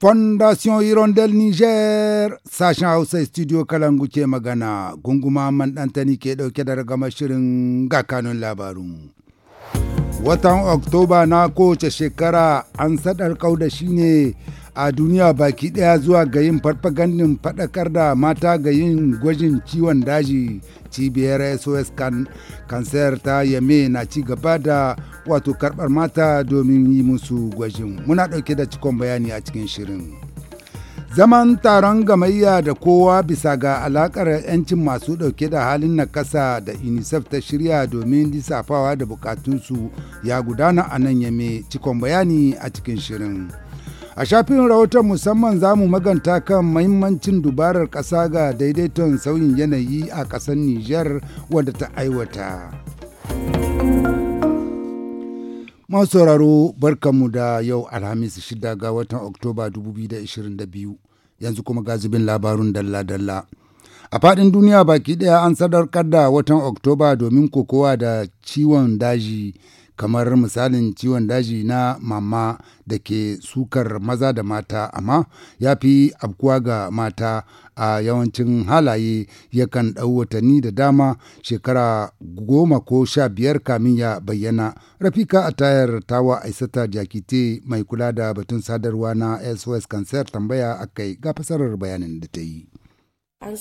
Fondation Hirondelle Niger sashen Hausa studio Kalangu ke magana gunguma man ɗantani ke dauke da ragama shirin ga kanun labaru Watan Oktoba na kowace shekara an saɗar kauda a duniya baki daya zuwa ga yin farfagandin faɗakar da mata ga yin gwajin ciwon daji cibiyar sos kan ta yame na ci gaba da wato karɓar mata domin yi musu gwajin muna dauke da cikon bayani a cikin shirin zaman taron gamayya da kowa bisa ga alakar 'yancin masu ɗauke da halin na nakasa da unicef ta shirya domin lissafawa da bukatunsu ya gudana a nan yame cikon bayani a cikin shirin. A shafin rahoton musamman za mu maganta kan mahimmancin dubarar ƙasa ga daidaiton sauyin yanayi a ƙasar Nijar wadda ta aiwata. Masu sauraro barkanmu da yau Alhamis 6 ga watan Oktoba 2022 yanzu kuma gazibin labarun dalla-dalla. A faɗin duniya baki ɗaya an sadarkar da watan Oktoba domin kokowa da ciwon daji kamar misalin ciwon daji na mama da ke sukar maza da mata amma ya fi abkuwa ga mata a yawancin halaye yakan ɗau watanni da dama shekara goma ko sha biyar kamin ya bayyana rafika a tayar tawa aisata jakite mai kula da batun sadarwa na sos cancer tambaya akai ga fasarar bayanin da ta yi Euh,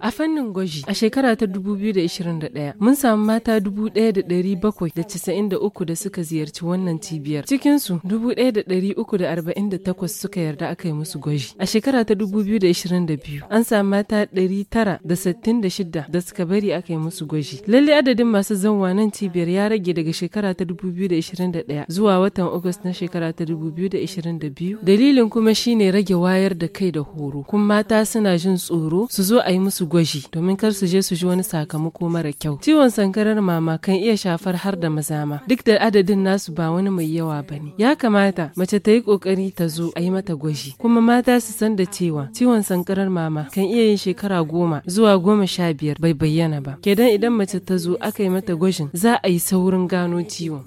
a fannin gwaji, a shekara ta 2021, mun samu mata 1,793 da suka ziyarci wannan cibiyar. Cikinsu, 1,348 suka yarda aka yi musu gwaji. A shekara ta 2022, an samu mata 966 da suka bari aka yi musu gwaji. Lalle adadin masu zanwa nan cibiyar ya rage daga shekara ta 2021 zuwa watan Agusta na shekara ta 2022. Dalilin kuma shine rage wayar da kai da horo, kuma mata suna jin tsoro su zo a yi musu gwaji domin kar su je su ji wani sakamako mara kyau ciwon sankarar mama kan iya shafar har da mazama duk da adadin nasu ba wani mai yawa ba ne ya kamata mace ta yi kokari ta zo a yi mata gwaji kuma mata su san da cewa ciwon sankarar mama kan iya yin shekara goma zuwa goma sha biyar bai bayyana ba kedan idan mace ta zo aka yi mata gwajin za a yi saurin gano ciwon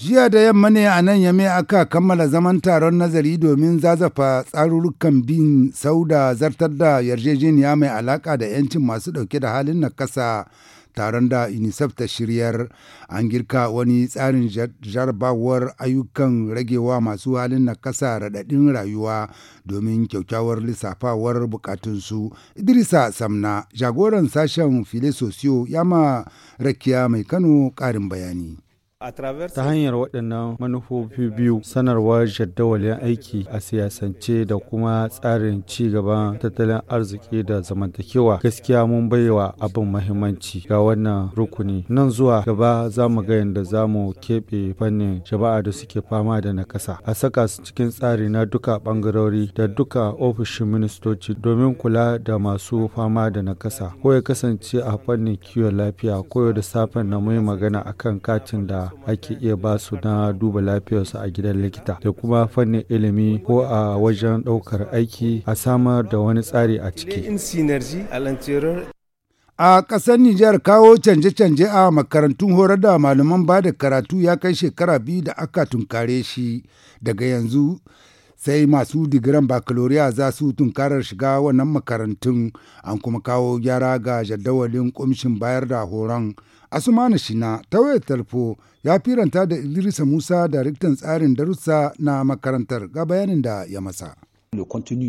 Jiya da yamma ne a nan yame aka kammala zaman taron nazari domin zazafa tsarurrukan bin sau zartar da yarjejeniya mai alaka da 'yancin masu ɗauke da halin na kasa taron da UNICEF ta shiryar an girka wani tsarin jarabawar ayyukan ragewa masu halin na kasa raɗaɗin rayuwa domin kyaukyawar lissafawar bukatunsu. Idrisa Samna, jagoran sashen Filisosiyo, ya ma rakiya mai Kano ƙarin bayani. ta hanyar waɗannan manufofi biyu sanarwar jadawalin aiki a siyasance da kuma tsarin ci gaban tattalin arziki da zamantakewa gaskiya mun baiwa abin mahimmanci ga wannan rukuni nan zuwa gaba za mu ga yadda za mu keɓe fannin jama'a da suke fama da nakasa a saka su cikin tsari na duka bangarori da duka ofishin ministoci domin kula da masu fama da nakasa ko ya kasance a fannin kiwon lafiya ko da safen na mai magana akan katin da ake iya ba su na duba lafiyarsu a gidan likita da kuma fannin ilimi ko a wajen ɗaukar aiki a samar da wani tsari a ciki. A ƙasar Nijar kawo canje-canje a makarantun horar da malaman ba da karatu ya kai shekara biyu da aka tunkare shi daga yanzu sai masu digiran bakaloriya za su tunkarar shiga wannan makarantun an kuma kawo gyara ga jadawalin kumshin bayar da horon Asumani Shina ta wayar talfo ya firanta da Idrisa Musa daraktan tsarin darussa na makarantar ga bayanin da ya masa.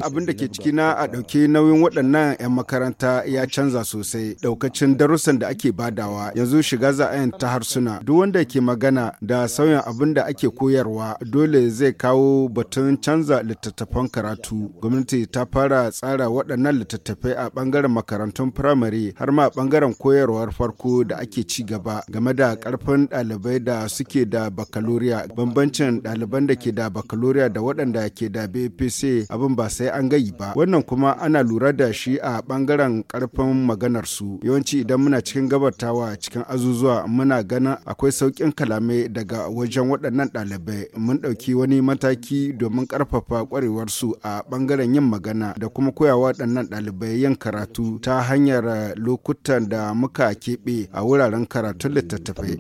Abin da ke cikina a ɗauke nauyin waɗannan 'yan makaranta ya canza sosai. Ɗaukacin darussan da ake badawa yanzu shiga za'ayin ta harsuna. Duk wanda ke magana da sauyin abin da ake koyarwa dole zai kawo batun canza littattafan karatu. Gwamnati ta fara tsara waɗannan littattafai a ɓangaren makarantun firamare har ma bangaren koyarwar farko da ake ci gaba game da karfin ɗalibai da suke da bakaloriya. Bambancin ɗaliban da ke da bakaloriya da waɗanda ke da BPC abin ba sai an gayi ba wannan kuma ana lura da shi a bangaren karfin maganar su yawanci idan muna cikin gabatawa cikin azuzuwa muna ganin akwai sauƙin kalamai daga wajen waɗannan ɗalibai mun ɗauki wani mataki domin ƙarfafa ƙwarewar su a bangaren yin magana da kuma koyawa waɗannan ɗalibai yin karatu ta hanyar lokutan da muka keɓe a wuraren karatun littattafai.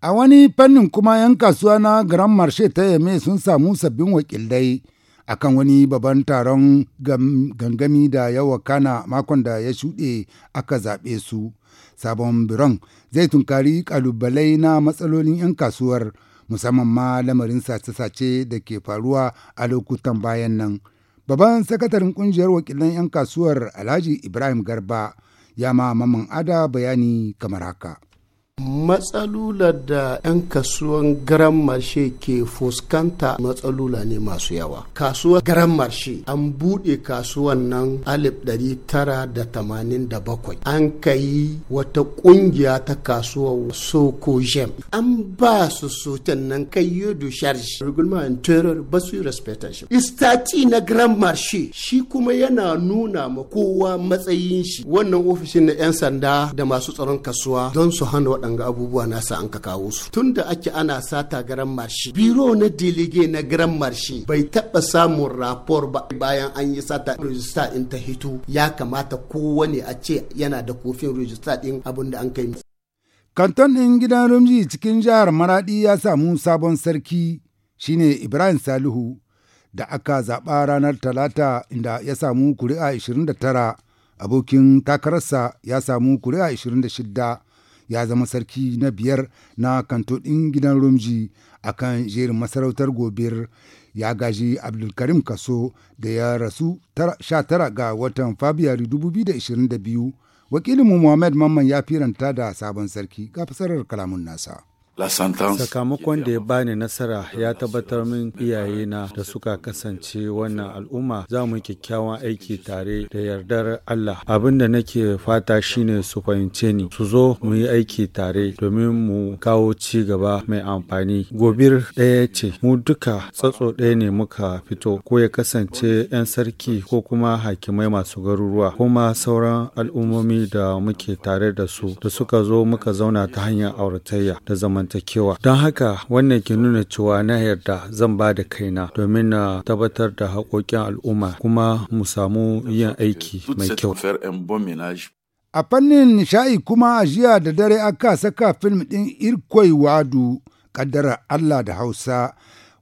A wani fannin kuma 'yan kasuwa na Grand marshe ta Yame sun samu sabbin wakilai akan wani babban taron gangami da yawa kana makon da ya shuɗe aka zaɓe su sabon biron zai tunkari ƙalubalai na matsalolin 'yan kasuwar musamman ma lamarin sace-sace da ke faruwa a lokutan bayan nan babban sakataren ƙungiyar wakilan 'yan kasuwar alhaji ibrahim garba ya ma mamman ada bayani kamar haka matsalolar da 'yan kasuwan garan marshe ke fuskanta matsalola ne masu yawa kasuwar garan marshe an buɗe kasuwan nan 1987 an ka wata ƙungiya ta kasuwar soko jem an ba su sotan nan kai yodo sharji rigulma interior ba su respectation istati na garan marshe shi kuma yana nuna ma kowa matsayin shi wannan ofishin na 'yan sanda da masu tsaron kasuwa don su hana waɗanga abubuwa nasa an ka kawo su tun da ake ana sata garan marshi biro na delege na garan marshi bai taɓa samun rapor ba bayan an yi sata rijista in ta hito ya kamata kowane a ce yana da kofin rijista ɗin abin da an kai kanton ɗin gidan rumji cikin jihar maradi ya samu sabon sarki shine ibrahim salihu da aka zaɓa ranar talata inda ya samu kuri'a 29 abokin takararsa ya samu kuri'a 26 ya zama sarki na biyar na kanto ɗin gidan rumji a kan jerin masarautar gobir ya gaji abdulkarim kaso da ya rasu 19 ga watan fabiyari 2022 wakilin mu muhammad mamman ya firanta da sabon sarki ga fasarar kalamun nasa. Sakamakon da ya bani nasara ya tabbatar min na da suka kasance wannan al'umma za mu kyakkyawan aiki tare da yardar Allah. Abin da nake fata shine su fahimce ni, su zo mu yi aiki tare domin mu kawo ci gaba mai amfani. Gobir ɗaya ce, mu duka tsatso ɗaya ne muka fito, ko ya kasance 'yan sarki ko kuma hakimai masu garuruwa, kuma sauran al'ummomi da muke tare da su da suka zo muka zauna ta hanyar auratayya da zaman zamantakewa don haka wannan ke nuna cewa na yarda zan ba da kaina domin na tabbatar da haƙoƙin al'umma kuma mu samu yin aiki mai kyau a fannin nishaɗi kuma a jiya da dare aka saka fim ɗin irkoi wadu kaddara allah da hausa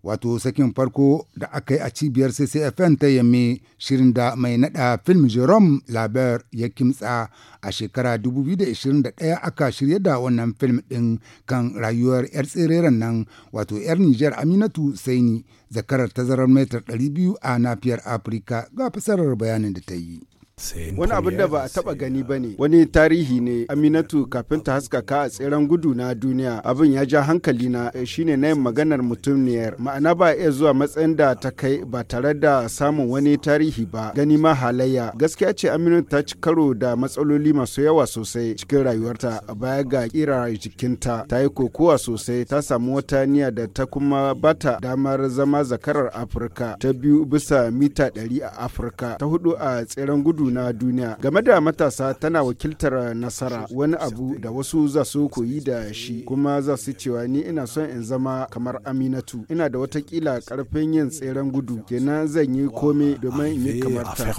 wato sakin farko da aka yi a cibiyar ccfn ta yamme shirin da mai nada film jerome laber ya kimtsa a shekara 2021 aka shirya da wannan film din kan rayuwar 'yar tsereren nan wato 'yar niger aminatu saini zakarar tazarar metar 200 a nafiyar afirka ga fasarar bayanin da ta yi wani abin da ba a taba gani ba ne wani tarihi ne aminatu kafin ta haskaka a tseren gudu na duniya abin ya ja hankali na eh, shine na yin maganar mutumniyar ma'ana ba iya zuwa matsayin da ta kai ba tare da samun wani tarihi ba gani ma halayya gaskiya ce aminatu ta ci karo da matsaloli masu yawa sosai cikin rayuwarta baya ga kira jikinta ta yi kokowa sosai ta samu wata niyya da ta kuma bata damar zama zakarar afirka ta biyu bisa mita ɗari a afirka ta hudu a tseren gudu gudu na duniya game da matasa tana wakiltar nasara wani abu da wasu za su koyi da shi kuma za su cewa ni ina son in zama kamar aminatu ina da watakila karfin yin tseren gudu kenan zan yi kome domin in yi kamar ta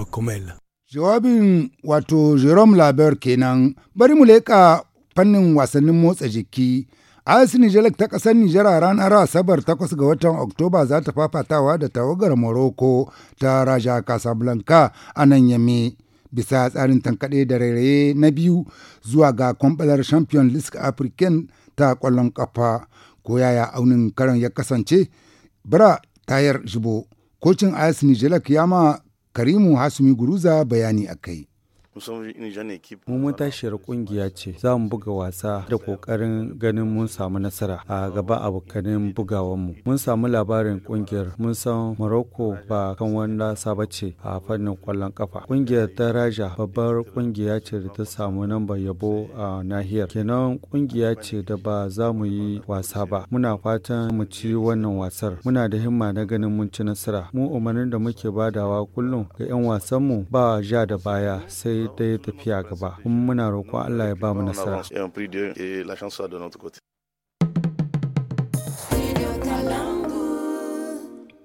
jawabin wato jerome laber kenan bari mu leka fannin wasannin motsa jiki AS Nijalek ta ƙasar Nijar a ranar Asabar 8 ga watan Oktoba za ta fafatawa da tawagar Morocco ta Raja Casablanca a nan Yame. Bisa tsarin tankaɗe da rairaye na biyu zuwa ga kwamɓalar Champion League African ta kwallon kafa, ko yaya aunin karan ya kasance bara tayar jibo. Kocin AS Nijalek ya ma Karimu Hasumi Guruza bayani akai. kai. Mu matashiyar kungiya ce za mu buga wasa da kokarin ganin mun samu nasara a gaba abokanin mu Mun samu labarin kungiyar mun san Morocco ba kan saba ce a fannin kwallon kafa. Kungiyar ta babbar kungiya ce da ta samu namba yabo a nahiyar. Kenan kungiya ce da ba za mu yi wasa ba. Muna fatan mu ci wannan wasar. Muna da himma na ganin mun ci nasara. Mu umarnin da muke badawa kullum ga 'yan wasanmu ba ja da baya sai ta yi tafiya gaba kuma muna roƙon Allah ya ba mu nasara.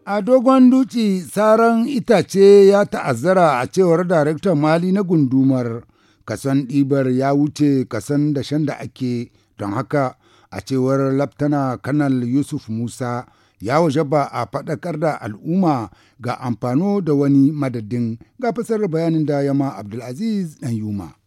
A dogon duci saran itace ya ta'azzara a cewar daraktan mali na gundumar kasan ɗibar ya wuce kasan dashen da ake don haka a cewar laftana kanal Yusuf Musa ya ba a faɗakar da al'umma ga amfano da wani madadin ga fasar bayanin da yama Abdulaziz yuma.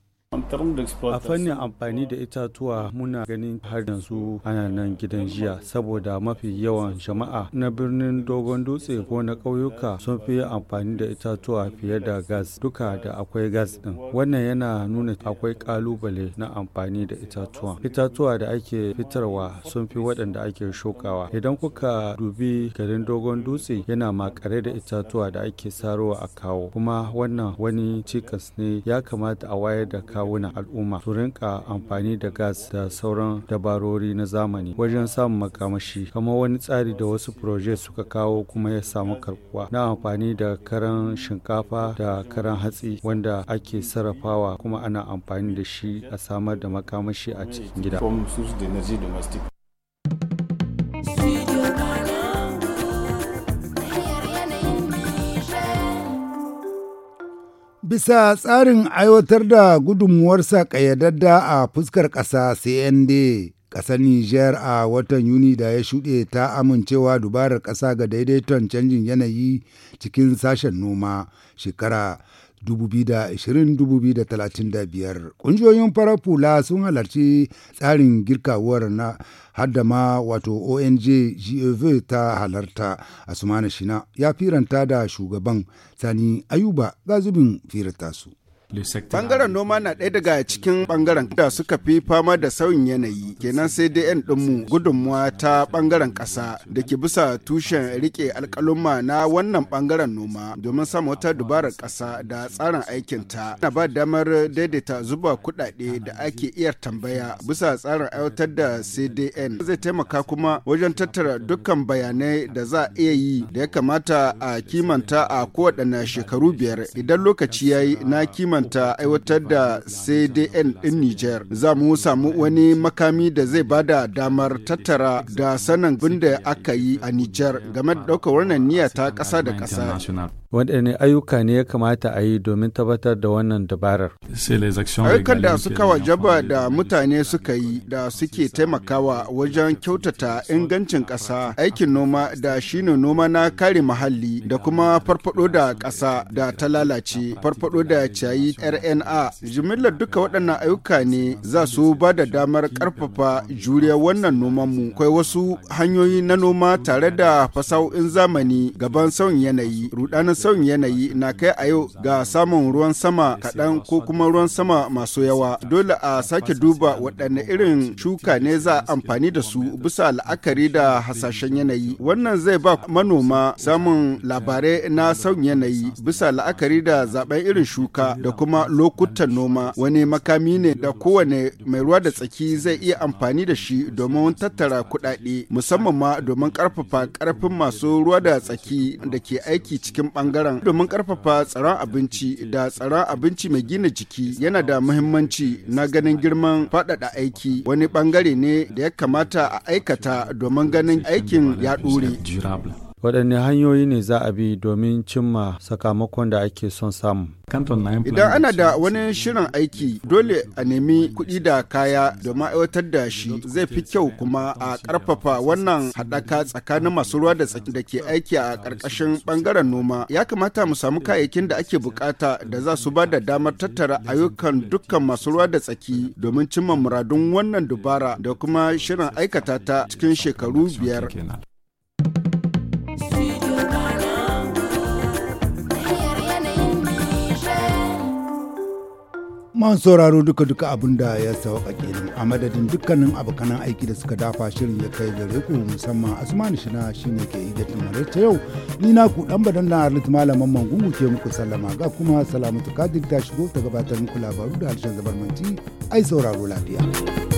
A fannin amfani da itatuwa muna ganin har yanzu ana nan gidan jiya saboda mafi yawan jama'a na birnin dogon dutse ko na ƙauyuka sun fi amfani da itatuwa fiye da gas duka da akwai gas ɗin. Wannan yana nuna akwai ƙalubale na amfani da itatuwa. Itatuwa da ake fitarwa sun fi waɗanda ake shukawa. Idan kuka dubi garin dogon dutse yana makare da itatuwa da ake sarowa a kawo kuma wannan wani cikas ne ya kamata a wayar da kawo kawunan al'umma su rinka amfani da gas da sauran dabarori na zamani wajen samun makamashi kamar wani tsari da wasu projet suka kawo kuma ya samu karkuwa na amfani da karan shinkafa da karan hatsi wanda ake sarrafawa kuma ana amfani da shi a samar da makamashi a cikin gida. bisa tsarin aiwatar da gudunmuwarsa kayyadadda a fuskar ƙasa CND. Ƙasar niger a watan Yuni da ya shuɗe ta amincewa dubarar ƙasa ga daidaiton canjin yanayi cikin sashen noma shekara 2020-2035 ƙungiyoyin farar hula sun halarci tsarin girkawar na haddama wato ong gov ta halarta asumana shina ya firanta da shugaban sani ayuba gazubin firata su Bangaren noma na ɗaya daga cikin bangaren da suka fi fama da sauyin yanayi kenan sai dai 'yan ɗinmu gudunmuwa ta bangaren ƙasa da ke bisa tushen riƙe alƙaluma na wannan bangaren noma domin sama wata dubarar ƙasa da tsarin aikinta na ba damar daidaita zuba kuɗaɗe da ake iya tambaya bisa tsarin aiwatar da CDN zai taimaka kuma wajen tattara dukkan bayanai da za a iya yi da ya kamata a kimanta a kowaɗanne shekaru biyar idan lokaci ya yi na kimanta sabunta aiwatar da CDN din Nijar. Za mu samu wani makami da zai bada damar tattara da sanin da aka yi a Nijar game da ɗaukar wannan niyya ta kasa da kasa. waɗanne ayyuka ne ya kamata a yi domin tabbatar da wannan dabarar. Ayyukan da suka wajaba da mutane suka yi da suke taimakawa wajen kyautata ingancin ƙasa, aikin noma da shine noma na kare mahalli da kuma farfado da ƙasa da ta lalace, farfado da ciyayi rna jimillar duka waɗannan ayyuka ne za su ba da damar ƙarfafa juriya wannan nomanmu kai wasu hanyoyi na noma tare da fasahohin zamani gaban sauyin yanayi rudanin sauyin yanayi na kai a yau ga samun ruwan sama kaɗan ko kuma ruwan sama masu yawa dole a sake duba waɗanne irin shuka ne za a amfani da su bisa la'akari da hasashen yanayi wannan zai ba manoma samun labarai na sauyin yanayi bisa la'akari da zaben irin shuka da kuma lokutan noma wani makami ne da kowane mai ruwa da tsaki zai iya amfani da shi domin tattara kudade musamman ma domin karfafa karfin masu ruwa da tsaki da ke aiki cikin bangaren. domin karfafa tsaron abinci da tsaron abinci mai gina jiki yana da muhimmanci na ganin girman faɗaɗa aiki wani bangare ne da ya kamata a aikata domin ganin aikin ya ɗure. waɗanne hanyoyi ne za a bi domin cimma sakamakon da ake son samu idan ana da wani shirin aiki dole a nemi kuɗi da kaya da aiwatar da shi zai fi kyau kuma a ƙarfafa wannan haɗaka tsakanin masu ruwa da tsaki da ke aiki a ƙarƙashin ɓangaren noma ya kamata mu samu kayayyakin da ake buƙata da za su ba da damar tattara ayyukan dukkan masu ruwa da tsaki domin cimma muradun wannan dubara da kuma shirin aikata ta cikin shekaru biyar man sauraro duka-duka abin da ya sauka kenan a madadin dukkanin abokanan aiki da suka dafa shirin ya kai gare ku musamman asmani shina shine ke yi da ta yau ni na ku dan badan na arlit malaman mu ke muku sallama ga kuma salamatu kadir ta shigo ta gabatar muku labaru da harshen zabarmanci ai sauraro lafiya.